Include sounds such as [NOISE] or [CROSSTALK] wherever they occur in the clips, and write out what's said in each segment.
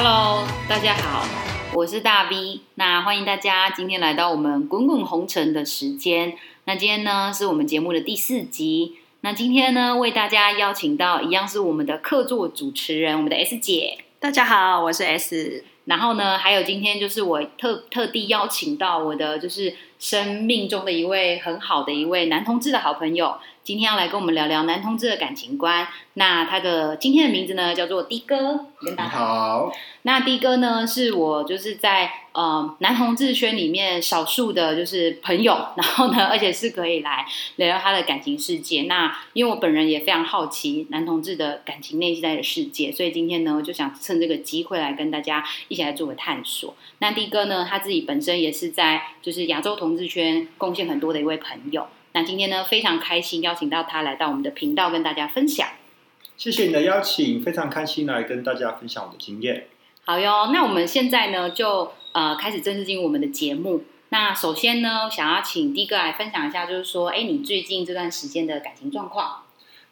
Hello，大家好，我是大 V。那歡迎大家今天來到我們《滾滾紅塵》的時間。那今天呢，是我們節目的第四集。那今天呢，為大家邀請到一樣是我們的客座主持人，我們的 S 姐。大家好，我是 S。然後呢，還有今天就是我特特地邀請到我的，就是生命中的一位很好的一位男同志的好朋友。今天要來跟我們聊聊男同志的感情觀。那他的今天的名字呢，叫做 D 哥。跟大家好，那 D 哥呢，是我就是在呃男同志圈裡面少數的就是朋友。然後呢，而且是可以來聊聊他的感情世界。那因為我本人也非常好奇男同志的感情內在的世界，所以今天呢，我就想趁這個機會來跟大家一起來做個探索。那 D 哥呢，他自己本身也是在就是亞洲同志圈貢獻很多的一位朋友。那今天呢，非常開心邀請到他來到我們的頻道跟大家分享。謝謝你的邀請，非常開心來跟大家分享我的經驗。好喲，那我們現在呢就呃開始正式進入我們的節目。那首先呢，想要請 D 哥來分享一下，就是說，哎，你最近這段時間的感情狀況？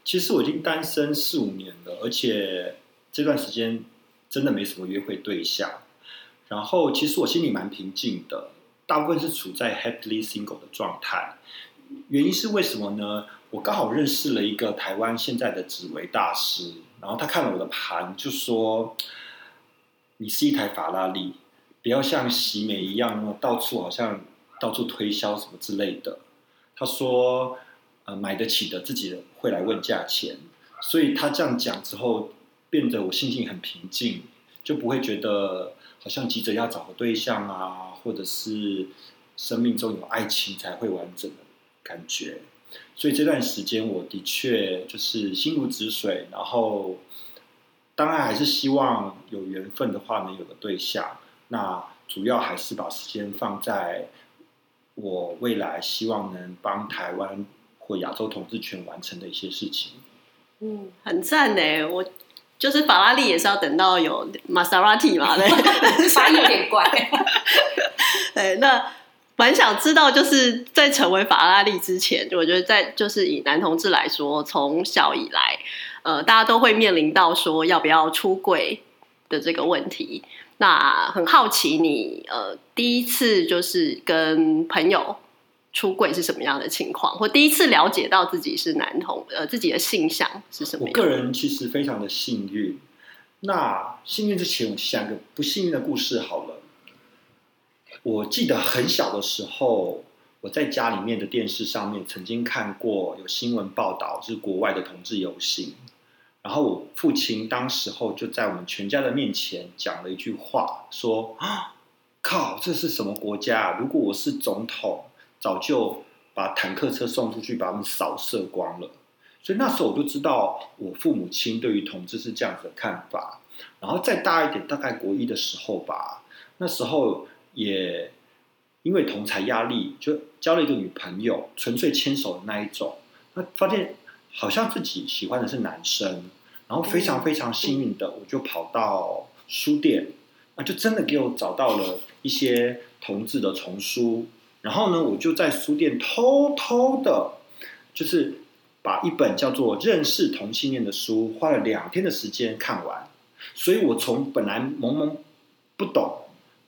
其實我已經單身四五年了，而且這段時間真的沒什麼約會對象。然後，其實我心裡蠻平靜的，大部分是處在 happily single 的狀態。原因是為什麼呢？我剛好認識了一個台灣現在的紫微大師，然後他看了我的盤，就說：“你是一台法拉利，不要像喜美一樣，到處好像到處推銷什麼之類的。”他說：“呃，買得起的自己會來問價錢。”所以他這樣講之後，變得我心情很平靜，就不會覺得好像急着要找個對象啊，或者是生命中有愛情才會完整的。感覺，所以這段時間我的確就是心如止水，然後當然還是希望有緣分的話能有個對象。那主要還是把時間放在我未來希望能幫台灣或亞洲同志圈完成的一些事情。嗯，很讚呢。我就是法拉利也是要等到有瑪莎拉蒂嘛， [LAUGHS] 發音有點怪 [LAUGHS] 那。蠻想知道，就是在成為法拉利之前，我覺得在就是以男同志來說，從小以來，呃，大家都會面臨到說要不要出櫃的這個問題。那很好奇你，你呃第一次就是跟朋友出櫃是什麼樣的情況，或第一次了解到自己是男同，呃，自己的性向是什麼樣的？我個人其實非常的幸運。那幸運之前，我想個不幸運的故事好了。我記得很小的時候，我在家裡面的電視上面曾經看過有新聞報道是國外的同志遊行，然後我父親當時候就在我們全家的面前講了一句話，說啊，靠，這是什麼國家？如果我是總統，早就把坦克車送出去把他們掃射光了。所以那時候我就知道我父母親對於同志是這樣子的看法。然後再大一點，大概國一的時候吧，那時候。也因為同儕壓力，就交了一個女朋友，純粹牽手的那一種。他發現好像自己喜歡的是男生，然後非常非常幸運的，我就跑到書店，啊，就真的給我找到了一些同志的叢書。然後呢，我就在書店偷偷的，就是把一本叫做《認識同性戀》的書，花了兩天的時間看完。所以我從本來懵懵不懂。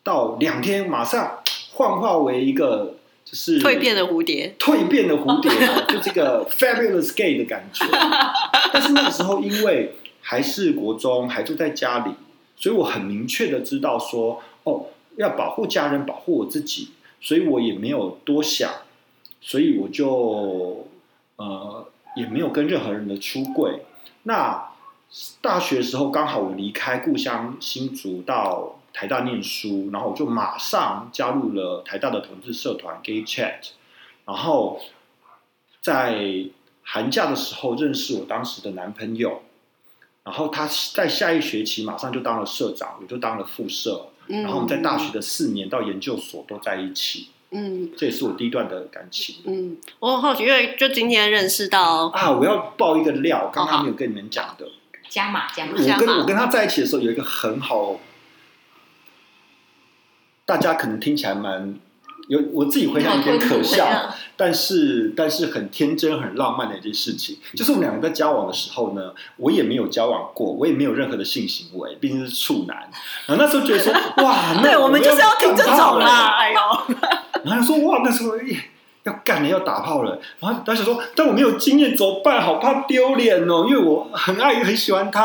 到兩天，馬上幻化為一個就是蛻變的蝴蝶，蛻變的蝴蝶啊， [LAUGHS] 就這個 fabulous gay 的感覺。 [LAUGHS] 但是那個時候因為還是國中，還住在家裡，所以我很明確的知道說，哦，要保護家人，保護我自己，所以我也沒有多想，所以我就呃也沒有跟任何人的出櫃。那大學的時候，剛好我離開故鄉新竹到。台大念書，然後我就馬上加入了台大的同志社團 Gay Chat，然後在寒假的時候認識我當時的男朋友，然後他在下一學期馬上就當了社長，我就當了副社，嗯，然後我們在大學的四年到研究所都在一起，嗯，這也是我第一段的感情，嗯，我很好奇，因為就今天認識到啊，我要爆一個料，剛剛沒有跟你們講的，加碼加碼，加碼，我跟我跟他在一起的時候有一個很好。大家可能聽起來蠻有，我自己回想有點可笑，但是但是很天真、很浪漫的一件事情，就是我們兩個在交往的時候呢，我也沒有交往過，我也沒有任何的性行為，畢竟是處男。然後那時候覺得說，哇，對，我們就是要聽這種啦，哎呦，然後說哇，那時候。要幹了，要打炮了。然後當時說：“但我沒有經驗，怎麼辦？好怕丟臉哦，因為我很愛，很喜歡他。”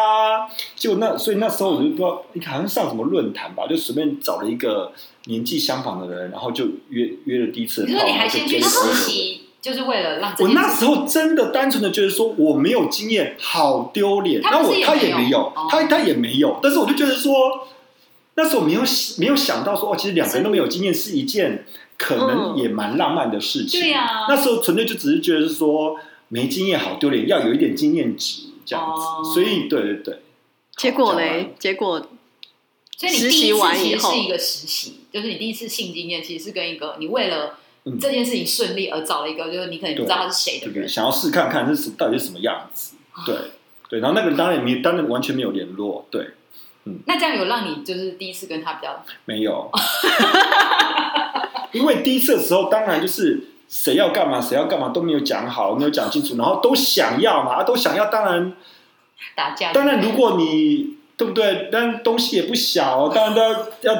結果那，所以那時候我就不知道，你看好像上什麼論壇吧？就隨便找了一個年紀相仿的人，然後就約約了第一次的炮。是你還先去？他就是為了讓。我那時候真的單純的覺得說我沒有經驗，好丟臉。他也沒有，他也有、哦、他，他也沒有，但是我就覺得說，那時候我沒有、嗯、沒有想到說哦，其實兩個人都沒有經驗是一件。可能也蠻浪漫的事情、嗯。對呀、啊，那時候純粹就只是覺得是說沒經驗好丟臉，要有一點經驗值這樣子、哦。所以，對對對。結果呢？結果，所以你實習完以後其實是一個實習、嗯，就是你第一次性經驗其實是跟一個你為了這件事情順利而找了一個，嗯、就是你可能不知道他是誰的人對對，想要試看看是到底是什麼樣子。哦、對對，然後那個當然你當然完全沒有聯絡。對、嗯，那這樣有讓你就是第一次跟他比較、嗯、沒有。 [LAUGHS] 因為第一次的時候，當然就是誰要幹嘛，誰要幹嘛都沒有講好，沒有講清楚，然後都想要嘛，啊、都想要，當然打架。當然，如果你對不對？但東西也不小，當然都要要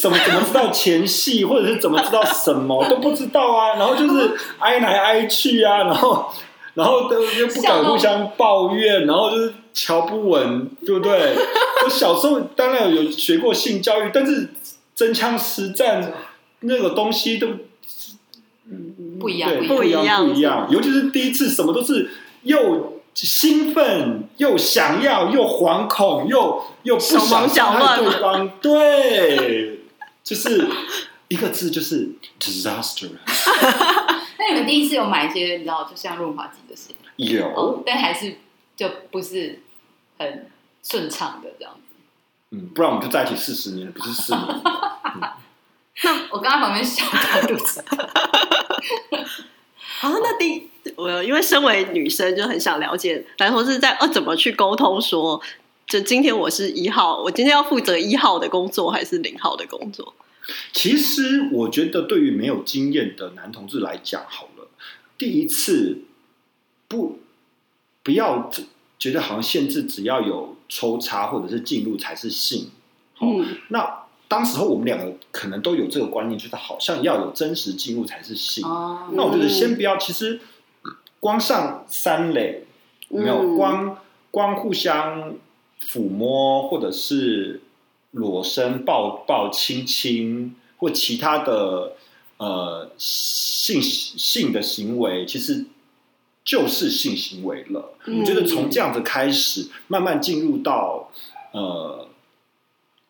怎麼怎麼知道前戲， [LAUGHS] 或者是怎麼知道什麼都不知道啊。然後就是挨來挨去啊，然後然後都又不敢互相抱怨，然後就是瞧不穩，對不對？ [LAUGHS] 我小時候當然有學過性教育，但是真槍實戰。那個東西都、嗯、不,一不一樣，不一樣，不一樣。一樣尤其是第一次，什麼都是又興奮又想要，又惶恐又又不想想對方。對，就是 [LAUGHS] 一個字就是 disaster。那 [LAUGHS] [LAUGHS] [LAUGHS] [LAUGHS] [LAUGHS] 你們第一次有買一些，你知道，就像潤滑劑這些，有，但、哦、 [LAUGHS] 還是就不是很順暢的這樣子。嗯，不然我們就在一起四十年，不是四年。 [LAUGHS] 嗯那我剛剛旁邊笑，的哈哈那第，我因為身為女生就很想了解男同志在要怎麼去溝通，說就今天我是一號，我今天要負責一號的工作還是零號的工作？其實我覺得對於沒有經驗的男同志來講，好了，第一次不不要覺得好像限制，只要有抽插或者是進入才是性。嗯、oh, mm.，那。當時候我們兩個可能都有這個觀念，就是好像要有真實進入才是性，啊。那我覺得先不要，嗯、其實光上三壘沒有，嗯、光光互相撫摸，或者是裸身抱抱親親，親親或其他的呃性性的行為，其實就是性行為了。嗯、我覺得從這樣子開始，慢慢進入到呃。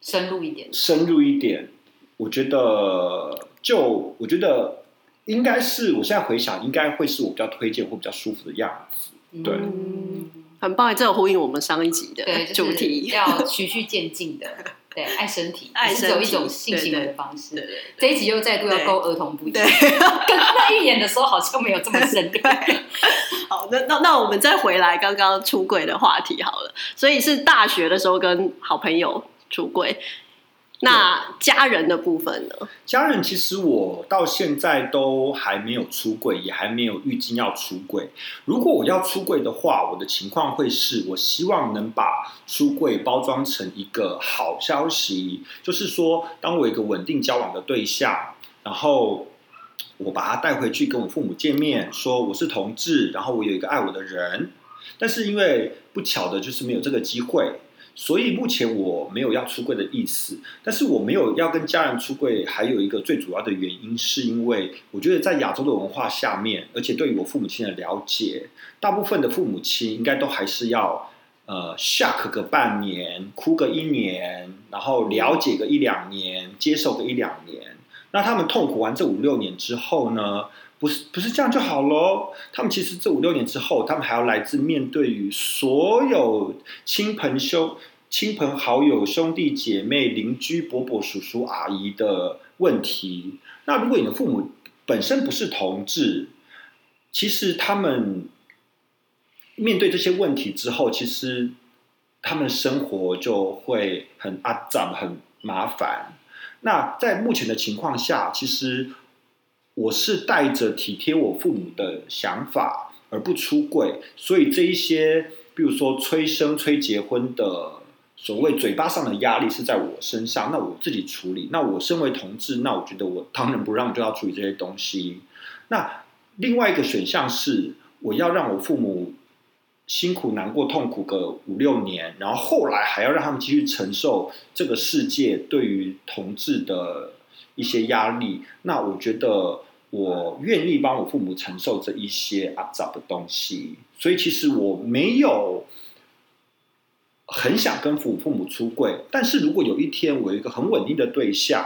深入一點，深入一點。我覺得，就我覺得應該是，我現在回想，應該會是我比較推薦或比較舒服的樣子。對，嗯、很棒，也正呼應我們上一集的主題，對就是、要循序漸進的， [LAUGHS] 對，愛身體，愛是一種性行為的方式。對對對對對對對對，這一集又再度要勾兒童不宜，對對 [LAUGHS] 跟他那預演的時候好像沒有這麼深刻。好，那那那我們再回來剛剛出櫃的話題好了。所以是大學的時候跟好朋友。出櫃，那家人的部分呢？家人其實我到現在都還沒有出櫃，也還沒有預計要出櫃。如果我要出櫃的話，我的情況會是我希望能把出櫃包裝成一個好消息，就是說，當我一個穩定交往的對象，然後我把他帶回去跟我父母見面，說我是同志，然後我有一個愛我的人。但是因為不巧的就是沒有這個機會。所以目前我沒有要出櫃的意思，但是我沒有要跟家人出櫃，還有一個最主要的原因，是因為我覺得在亞洲的文化下面，而且對於我父母親的了解，大部分的父母親應該都還是要呃 shock 個半年，哭個一年，然後了解個一兩年，接受個一兩年。那他們痛苦完這五六年之後呢，不是不是這樣就好咯。他們其實這五六年之後，他們還要來自面對於所有親朋兄。親朋好友、兄弟姐妹、鄰居、伯伯、叔叔、阿姨的問題。那如果你的父母本身不是同志，其實他們面對這些問題之後，其實他們生活就會很骯髒，很麻煩。那在目前的情況下，其實我是帶着體貼我父母的想法而不出櫃，所以這一些，比如說催生、催結婚的。所謂嘴巴上的壓力是在我身上，那我自己處理。那我身為同志，那我覺得我當仁不讓就要處理這些東西。那另外一個選項是，我要讓我父母辛苦、難過、痛苦個五六年，然後後來還要讓他們繼續承受這個世界對於同志的一些壓力。那我覺得我願意幫我父母承受這一些阿雜的東西，所以其實我沒有，很想跟父母父母出櫃，但是如果有一天我有一個很穩定的對象，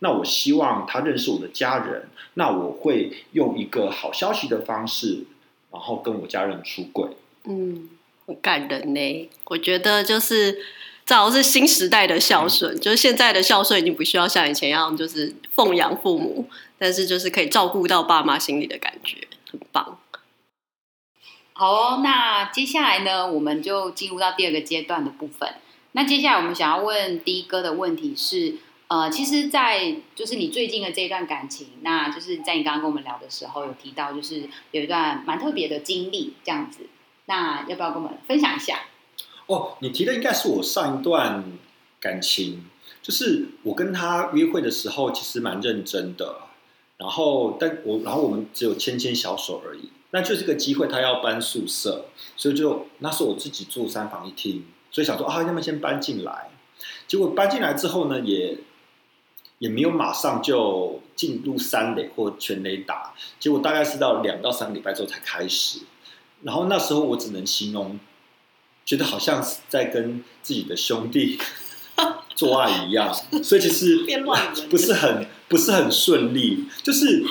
那我希望他認識我的家人，那我會用一個好消息的方式，然後跟我家人出櫃。嗯，很感人呢。我覺得就是，這好像是新時代的孝順，嗯、就是現在的孝順已經不需要像以前一樣，就是奉養父母、嗯，但是就是可以照顧到爸媽心裡的感覺，很棒。好哦，那接下來呢，我們就進入到第二個階段的部分。那接下來我們想要問 D 哥的問題是，呃，其實，在就是你最近的這一段感情，那就是在你剛剛跟我們聊的時候，有提到就是有一段蠻特別的經歷，這樣子，那要不要跟我們分享一下？哦，你提的應該是我上一段感情，就是我跟他約會的時候，其實蠻認真的，然後但我然後我們只有牽牽小手而已。那就是個機會，他要搬宿舍，所以就那時候我自己住三房一廳，所以想說啊，要不要先搬進來。結果搬進來之後呢，也也沒有馬上就進入三壘或全壘打，結果大概是到兩到三個禮拜之後才開始。然後那時候我只能形容，覺得好像在跟自己的兄弟呵呵做愛一樣，所以其實變亂不是很不是很順利，就是。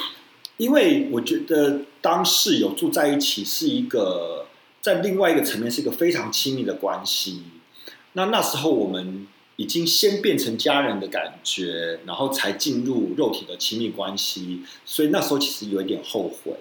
因為我覺得當室友住在一起是一個在另外一個層面是一個非常親密的關係，那那時候我們已經先變成家人的感覺，然後才進入肉體的親密關係，所以那時候其實有一點後悔。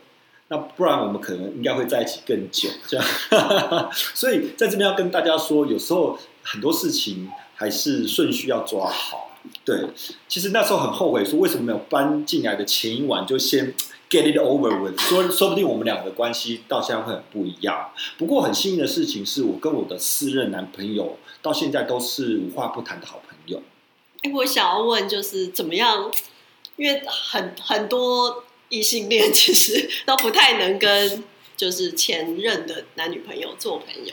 那不然我們可能應該會在一起更久，這樣， [LAUGHS] 所以在這邊要跟大家說，有時候很多事情還是順序要抓好。對，其實那時候很後悔，說為什麼沒有搬進來的前一晚就先 get it over with 說。說說不定我們兩個的關係到現在會很不一樣。不過很幸運的事情是，我跟我的四任男朋友到現在都是無話不談的好朋友。哎，我想要問就是怎麼樣，因為很很多異性戀其實都不太能跟就是前任的男女朋友做朋友。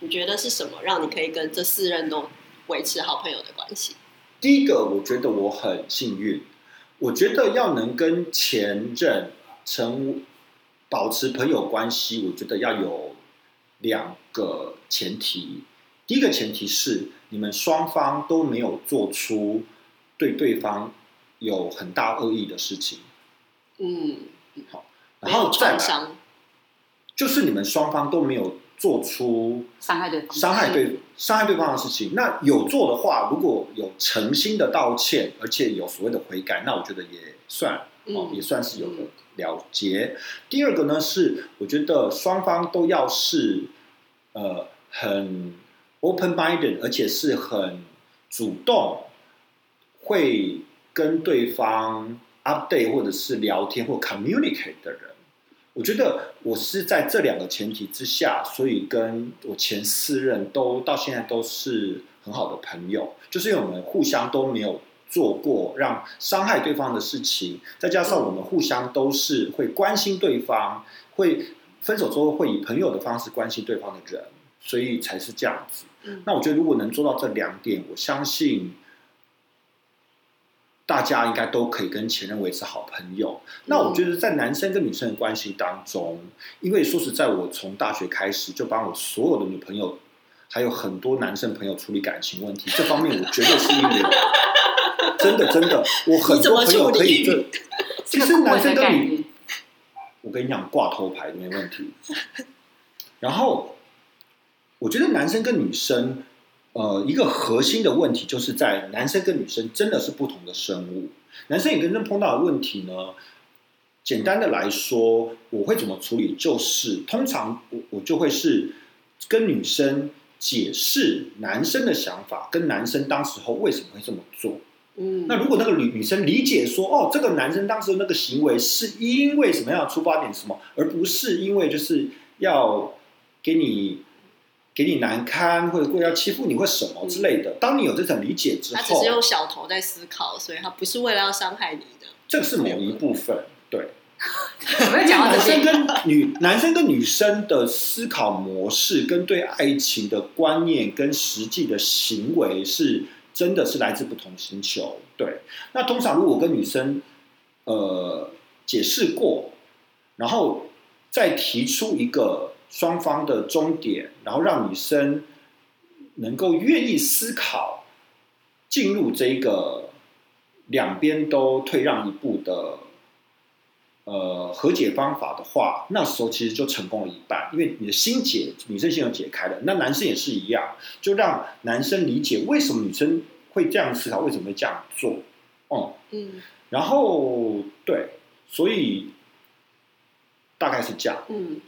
你覺得是什麼讓你可以跟這四任都維持好朋友的關係？第一個，我覺得我很幸運。我覺得要能跟前任成保持朋友關係，我覺得要有兩個前提。第一個前提是你們雙方都沒有做出對對方有很大惡意的事情。嗯，好，然後再來，就是你們雙方都沒有。做出傷害對方、傷害對、傷害對方的事情。那有做的話，如果有誠心的道歉，而且有所謂的悔改，那我覺得也算，也算是有了結。第二個呢，是我覺得雙方都要是呃很 open-minded，而且是很主動，會跟對方 update 或者是聊天或 communicate 的人。我覺得我是在這兩個前提之下，所以跟我前四任都到現在都是很好的朋友，就是因為我們互相都沒有做過讓傷害對方的事情，再加上我們互相都是會關心對方，會分手之後會以朋友的方式關心對方的人，所以才是這樣子。那我覺得如果能做到這兩點，我相信。大家應該都可以跟前任維持好朋友，嗯。那我覺得在男生跟女生的關係當中，因為說實在，我從大學開始就幫我所有的女朋友，還有很多男生朋友處理感情問題，這方面我絕對是因為 [LAUGHS] 真的真的，我很多朋友可以這。其實男生跟女， [LAUGHS] 我跟你講掛頭牌都沒問題。 [LAUGHS] 然後，我覺得男生跟女生。呃，一個核心的問題就是在男生跟女生真的是不同的生物。男生也跟人碰到的問題呢，簡單的來說，我會怎麼處理？就是通常我我就會是跟女生解釋男生的想法，跟男生當時候為什麼會這麼做。嗯，那如果那個女女生理解說，哦，這個男生當時那個行為是因為什麼樣的出發點什麼，而不是因為就是要給你。給你難堪，或者故意要欺負你，或什麼之類的、嗯。當你有這種理解之後，他只是用小頭在思考，所以他不是為了要傷害你的。這個是某一部分，對。我們講男生跟女 [LAUGHS] 男生跟女生的思考模式，跟對愛情的觀念，跟實際的行為是真的是來自不同星球。對。那通常如果跟女生呃解釋過，然後再提出一個。雙方的終點，然後讓女生能夠願意思考，進入這個兩邊都退讓一步的呃和解方法的話，那時候其實就成功了一半，因為你的心結，女生心要解開了，那男生也是一樣，就讓男生理解為什麼女生會這樣思考，為什麼會這樣做，哦、嗯，嗯，然後對，所以大概是這樣，嗯。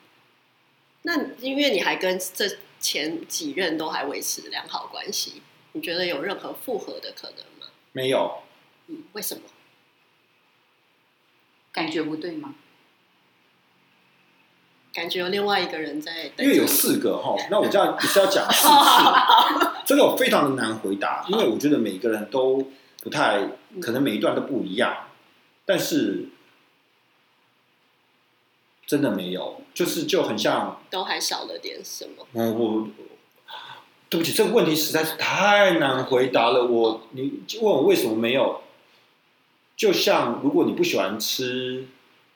那因為你還跟這前幾任都還維持良好關係，你覺得有任何復合的可能嗎？沒有，嗯，為什麼？感覺不對嗎？感覺有另外一個人在。因為有四個哈，哦嗯，那我這樣是要講四次 [LAUGHS] 好好好好，這個我非常的難回答，因為我覺得每個人都不太，可能每一段都不一樣，嗯，但是。真的沒有，就是就很像，都還少了點什麼。嗯，我對不起，這個問題實在是太難回答了、嗯。我，你問我為什麼沒有，就像如果你不喜歡吃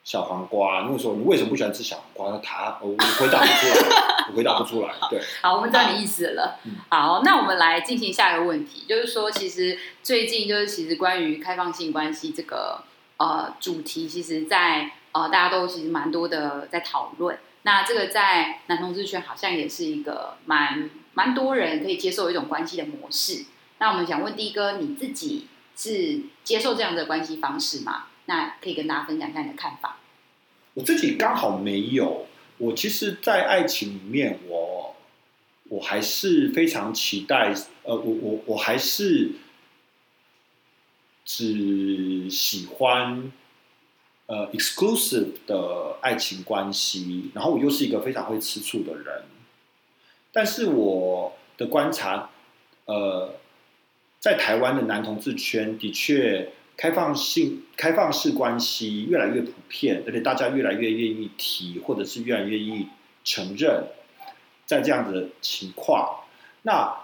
小黃瓜，你問說你為什麼不喜歡吃小黃瓜，他我回答不出來， [LAUGHS] 我回答不出來。 [LAUGHS] 對好好，好，我們知道你意思了、啊。好，那我們來進行下一個問題，嗯、就是說，其實最近就是其實關於開放性關係這個呃主題，其實，在。呃，大家都其實蠻多的在討論。那這個在男同志圈好像也是一個蠻蠻多人可以接受一種關係的模式。那我們想問 D 哥，你自己是接受這樣的關係方式嗎？那可以跟大家分享一下你的看法。我自己剛好沒有。我其實，在愛情裡面，我我還是非常期待。呃，我我我還是只喜歡。呃，exclusive 的愛情關係，然後我又是一個非常會吃醋的人。但是我的觀察，呃，在台灣的男同志圈的確，開放性、開放式關係越來越普遍，而且大家越來越願意提，或者是越來越願意承認，在這樣子的情況，那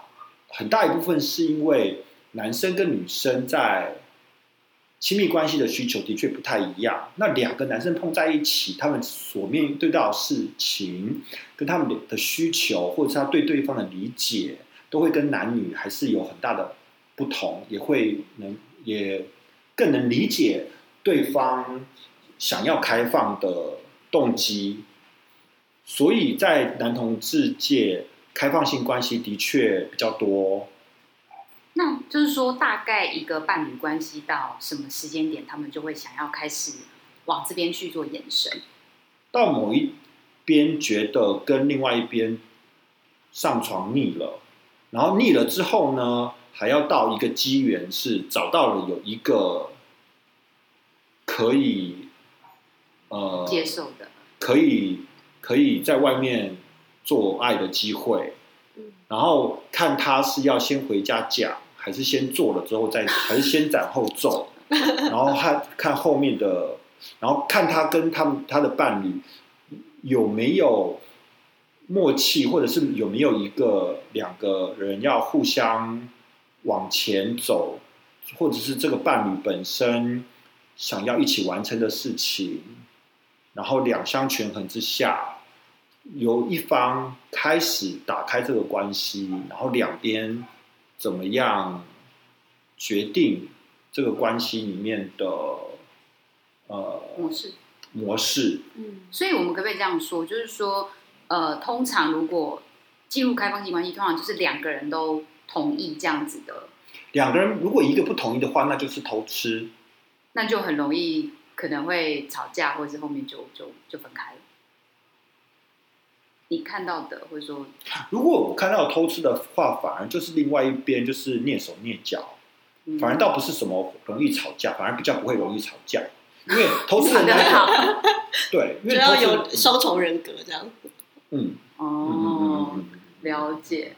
很大一部分是因為男生跟女生在。親密關係的需求的確不太一樣。那兩個男生碰在一起，他們所面對到事情，跟他們的需求，或者是他對對方的理解，都會跟男女還是有很大的不同，也會能也更能理解對方想要開放的動機。所以在男同志界，開放性關係的確比較多。那就是說，大概一個伴侶關係到什麼時間點，他們就會想要開始往這邊去做延伸。到某一邊覺得跟另外一邊上床膩了，然後膩了之後呢，還要到一個機緣，是找到了有一個可以呃接受的，可以可以在外面做愛的機會。然後看他是要先回家講，還是先做了之後再，還是先斬後奏。 [LAUGHS] 然後看看後面的，然後看他跟他他的伴侶有沒有默契，或者是有沒有一個兩個人要互相往前走，或者是這個伴侶本身想要一起完成的事情，然後兩相權衡之下。由一方開始打開這個關係，然後兩邊怎麼樣決定這個關係裡面的呃模式、模式。嗯，所以我們可不可以這樣說？就是說，呃，通常如果進入開放性關係，通常就是兩個人都同意這樣子的。嗯、兩個人如果一個不同意的話，那就是偷吃，那就很容易可能會吵架，或者是後面就就就分開了。你看到的，會說，如果我看到偷吃的話，反而就是另外一邊，就是躡手躡腳、嗯，反而倒不是什麼容易吵架，反而比較不會容易吵架，因為偷吃很好。 [LAUGHS] 對，因為只要有雙重人格這樣子。嗯，哦、嗯嗯嗯嗯，了解。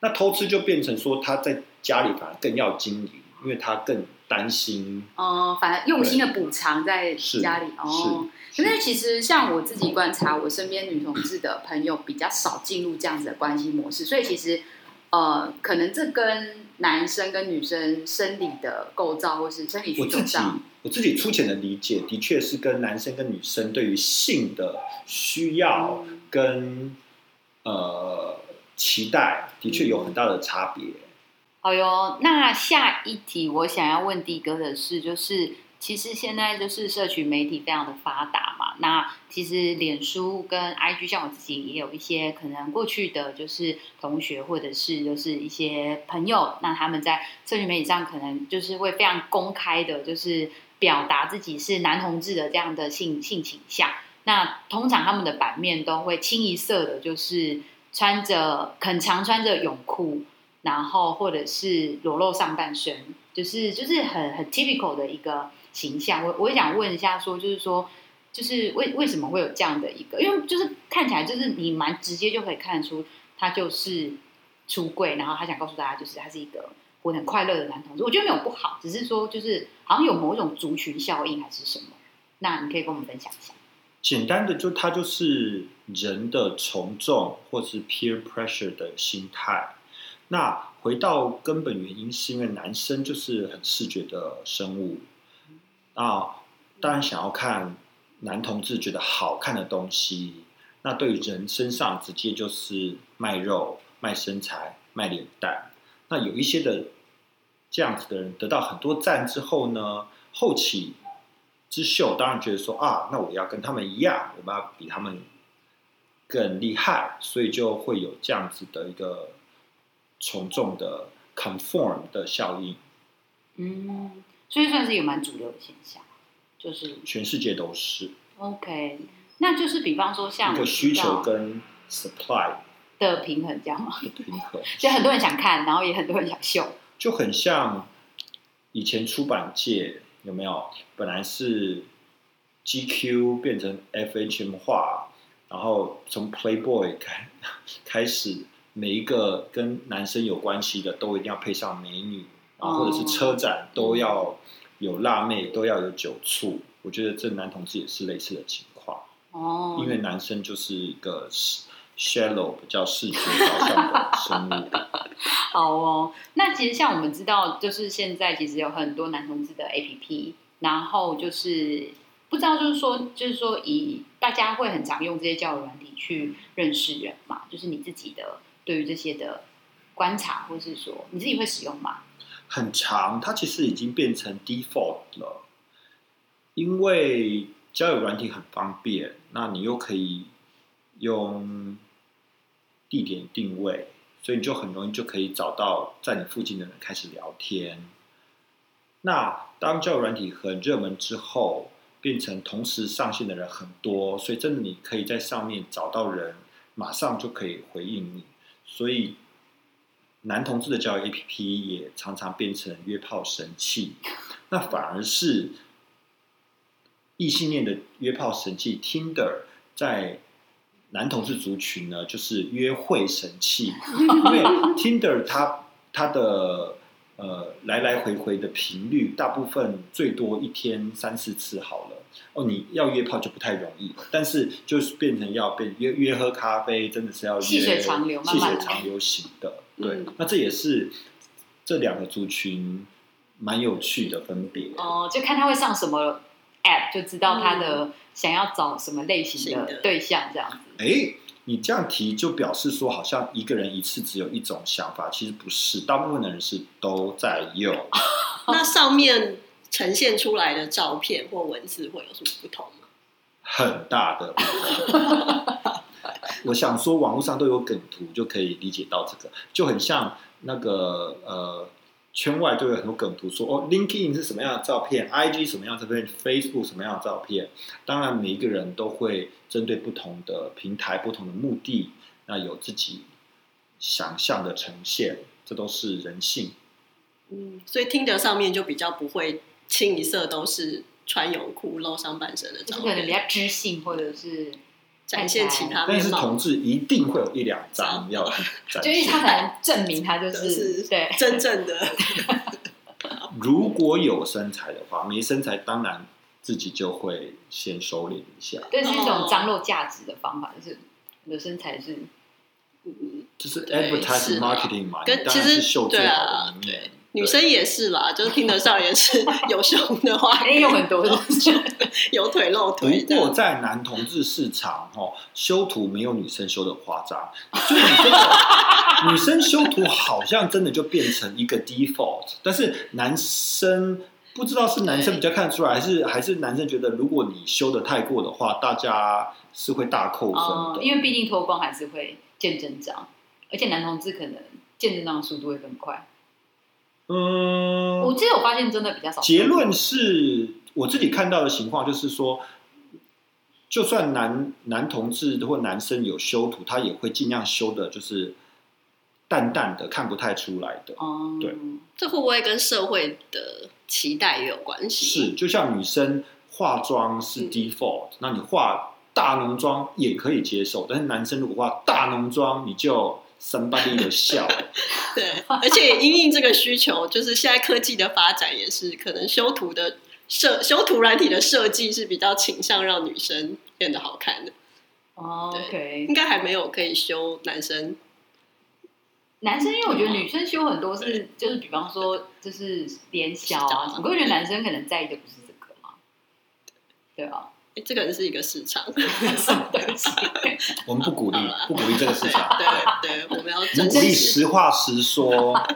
那偷吃就變成說他在家裡反而更要經營，因為他更。擔心，嗯、呃，反正用心的補償在家裡哦。那其實像我自己觀察，我身邊女同志的朋友比較少進入這樣子的關係模式， [COUGHS] 所以其實，呃，可能這跟男生跟女生生理的構造或是生理需求上，我自己我自己粗淺的理解、嗯，的確是跟男生跟女生對於性的需要跟、嗯、呃期待的確有很大的差別。好、哎、喲，那下一題我想要問 D 哥的是，就是其實現在就是社群媒體非常的發達嘛。那其實臉書跟 IG，像我自己也有一些可能過去的，就是同學或者是就是一些朋友，那他們在社群媒體上可能就是會非常公開的，就是表達自己是男同志的這樣的性性傾向。那通常他們的版面都會清一色的，就是穿着很常穿着泳褲。然後，或者是裸露上半身，就是就是很很 typical 的一個形象。我我想問一下說，說就是說，就是為為什麼會有這樣的一個？因為就是看起來就是你蠻直接就可以看出，他就是出櫃，然後他想告訴大家，就是他是一個活得很快樂的男同志。我覺得沒有不好，只是說就是好像有某種族群效應還是什麼？那你可以跟我們分享一下。簡單的就是，他就是人的從眾或是 peer pressure 的心態。那回到根本原因，是因為男生就是很視覺的生物啊，當然想要看男同志覺得好看的東西。那對於人身上，直接就是賣肉、賣身材、賣臉蛋。那有一些的這樣子的人得到很多讚之後呢，後起之秀當然覺得說啊，那我要跟他們一樣，我要比他們更厲害，所以就會有這樣子的一個。從眾的 conform 的效應，嗯，所以算是有蠻主流的現象，就是全世界都是。OK，那就是比方說像需求跟 supply 的平衡，這樣嗎？的平衡， [LAUGHS] 其實很多人想看，然後也很多人想秀，就很像以前出版界有沒有？本來是 GQ 變成 FHM 化，然後從 Playboy 開開始。每一個跟男生有關係的都一定要配上美女啊，或者是車展都要有辣妹，哦，都要有辣妹，嗯，都要有酒醋。我覺得這男同志也是類似的情況哦，因為男生就是一個 shallow 比較視覺導向的生物。 [LAUGHS] 好哦，那其實像我們知道，就是現在其實有很多男同志的 APP，然後就是不知道就是說就是說以大家會很常用這些交友軟體去認識人嘛，就是你自己的。對於這些的觀察，或是說你自己會使用嗎？很常，它其實已經變成 default 了。因為交友軟體很方便，那你又可以用地點定位，所以你就很容易就可以找到在你附近的人開始聊天。那當交友軟體很熱門之後，變成同時上線的人很多，所以真的你可以在上面找到人，馬上就可以回應你。所以，男同志的交友 APP 也常常變成約炮神器，那反而是異性戀的約炮神器 Tinder 在男同志族群呢，就是約會神器，因為 Tinder 它它的。呃，來來回回的頻率，大部分最多一天三四次好了。哦，你要約炮就不太容易，但是就是變成要變約約喝咖啡，真的是要細水長流，慢慢來。細水長流型的，對、嗯。那這也是這兩個族群蠻有趣的分別。哦、嗯，就看他會上什麼 App，就知道他的、嗯、想要找什麼類型的對象，這樣子。欸你這樣提就表示說，好像一個人一次只有一種想法，其實不是，大部分的人是都在用。哦，那上面呈現出來的照片或文字會有什麼不同嗎？很大的， [LAUGHS] 我想說，網絡上都有梗圖，就可以理解到這個，就很像那個呃。圈外就有很多梗圖說哦，LinkedIn 是什麼樣的照片，IG 什麼樣的照片，Facebook 什麼樣的照片。當然，每一個人都會針對不同的平台、不同的目的，那有自己想象的呈現，這都是人性。嗯，所以聽得上面就比較不會清一色都是穿泳褲露上半身的照片，嗯，比較知性或者是。嗯展現其他，但是同志一定會有一兩張要展現，因 [LAUGHS] 為他才能證明他就是對真正的。 [LAUGHS] 如果有身材的話，沒身材當然自己就會先收斂一下。對，是一種張露價值的方法，就是你的身材是，嗯、就是 advertising 是、啊、marketing 嘛，你當然是秀最好的，面、啊。女生也是啦，就是聽得上也是有胸的話，也有很多東西。有腿露腿。不過在男同志市場， [LAUGHS] 哦，修圖沒有女生修的誇張，所以女生女生修圖好像真的就變成一個 default。 [LAUGHS] 但是男生不知道是男生比較看得出來，還是還是男生覺得如果你修的太過的話，大家是會大扣分的。嗯，因為畢竟脫光還是會見真章，而且男同志可能見真章的速度會更快。嗯，我記得我發現真的比較少。結論是，我自己看到的情況就是說，就算男男同志或男生有修圖，他也會盡量修的，就是淡淡的，看不太出來的。哦，嗯，對，這會不會跟社會的期待也有關係？是，就像女生化妝是 default，嗯，那你化大濃妝也可以接受，但是男生如果化大濃妝，你就。Somebody 有笑，對，而且因應這個需求， [LAUGHS] 就是現在科技的發展也是可能修圖的設修圖軟體的設計是比較傾向讓女生變得好看的，哦、oh,，k、okay. 應該還沒有可以修男生，男生因為我覺得女生修很多是就是比方說就是臉小、啊、你我覺得男生可能在意的不是這個嘛，對啊。對欸、這可能是一個市場， [LAUGHS] 對 [LAUGHS] 對 [LAUGHS] 我們不鼓勵，不鼓勵這個市場。 [LAUGHS] 對對，對， [LAUGHS] 對，對，我們要真鼓勵實話實說，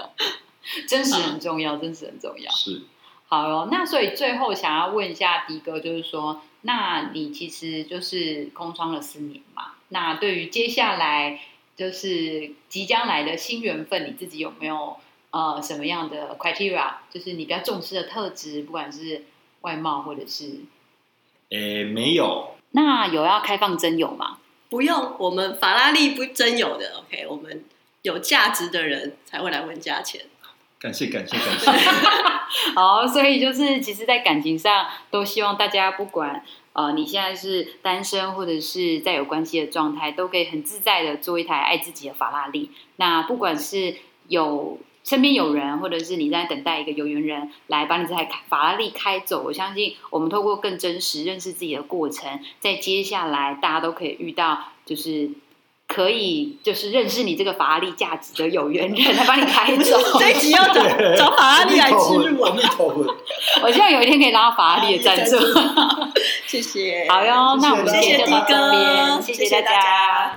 [LAUGHS] 真實很重要、啊，真實很重要。是，好、哦、那所以最後想要問一下 D 哥，就是說，那你其實就是空窗了四年嘛？那對於接下來就是即將來的新緣分，你自己有沒有呃什麼樣的 criteria？就是你比較重視的特質，不管是外貌或者是。誒、欸，沒有。那有要開放真有嗎？不用，我們法拉利不真有的。OK，我們有價值的人才會來問價錢。感謝，感謝，感謝。 [LAUGHS] [LAUGHS] 好，所以就是，其實，在感情上，都希望大家不管、呃、你現在是單身，或者是在有關係的狀態，都可以很自在的做一台愛自己的法拉利。那不管是有。身邊有人，或者是你在等待一個有緣人來把你這台法拉利開走。我相信，我們透過更真實認識自己的過程，在接下來大家都可以遇到，就是可以就是認識你這個法拉利價值的有緣人來幫你開走。 [LAUGHS] 所以只要找 [LAUGHS] 找法拉利來吃蜜桃，我希望有一天可以拉到法拉利的贊助。 [LAUGHS] 謝謝，好喲，那我們今天到這邊，謝謝大家。